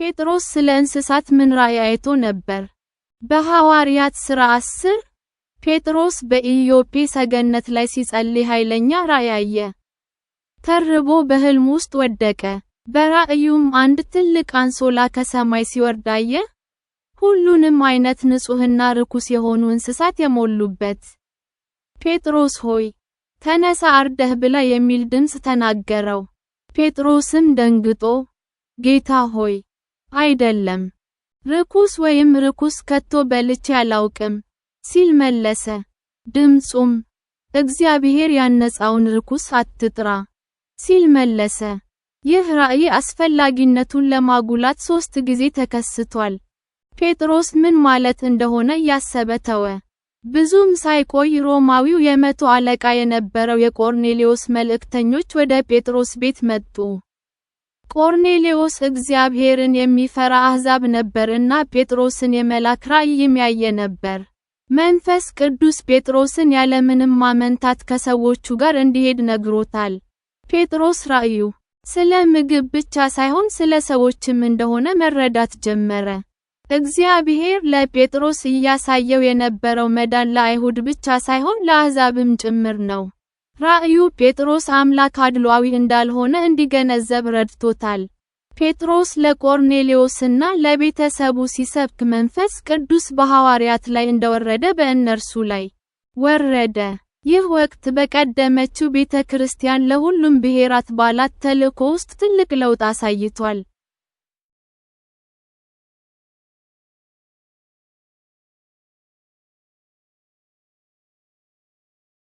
ጴጥሮስ ስለ እንስሳት ምን ራእይ አይቶ ነበር? በሐዋርያት ሥራ 10 ጴጥሮስ በኢዮጴ ሰገነት ላይ ሲጸልይ ኃይለኛ ራእይ አየ። ተርቦ በሕልም ውስጥ ወደቀ። በራእዩም አንድ ትልቅ አንሶላ ከሰማይ ሲወርድ አየ። ሁሉንም አይነት ንጹህና ርኩስ የሆኑ እንስሳት የሞሉበት። ጴጥሮስ ሆይ፣ ተነሳ አርደህ ብላ የሚል ድምፅ ተናገረው። ጴጥሮስም ደንግጦ፣ ጌታ ሆይ አይደለም፣ ርኩስ ወይም ርኩስ ከቶ በልቼ አላውቅም ሲል መለሰ። ድምፁም እግዚአብሔር ያነጻውን ርኩስ አትጥራ ሲል መለሰ። ይህ ራእይ አስፈላጊነቱን ለማጉላት ሶስት ጊዜ ተከስቷል። ጴጥሮስ ምን ማለት እንደሆነ እያሰበ ተወ። ብዙም ሳይቆይ ሮማዊው የመቶ አለቃ የነበረው የቆርኔሌዎስ መልእክተኞች ወደ ጴጥሮስ ቤት መጡ። ቆርኔሌዎስ እግዚአብሔርን የሚፈራ አሕዛብ ነበርና ጴጥሮስን የመላክ ራእይ ያየ ነበር። መንፈስ ቅዱስ ጴጥሮስን ያለምንም ማመንታት ከሰዎቹ ጋር እንዲሄድ ነግሮታል። ጴጥሮስ ራእዩ ስለ ምግብ ብቻ ሳይሆን ስለ ሰዎችም እንደሆነ መረዳት ጀመረ። እግዚአብሔር ለጴጥሮስ እያሳየው የነበረው መዳን ለአይሁድ ብቻ ሳይሆን ለአሕዛብም ጭምር ነው። ራእዩ ጴጥሮስ አምላክ አድሏዊ እንዳልሆነ እንዲገነዘብ ረድቶታል። ጴጥሮስ ለቆርኔሌዎስና ለቤተሰቡ ሲሰብክ መንፈስ ቅዱስ በሐዋርያት ላይ እንደወረደ በእነርሱ ላይ ወረደ። ይህ ወቅት በቀደመችው ቤተ ክርስቲያን ለሁሉም ብሔራት በዓላት ተልእኮ ውስጥ ትልቅ ለውጥ አሳይቷል።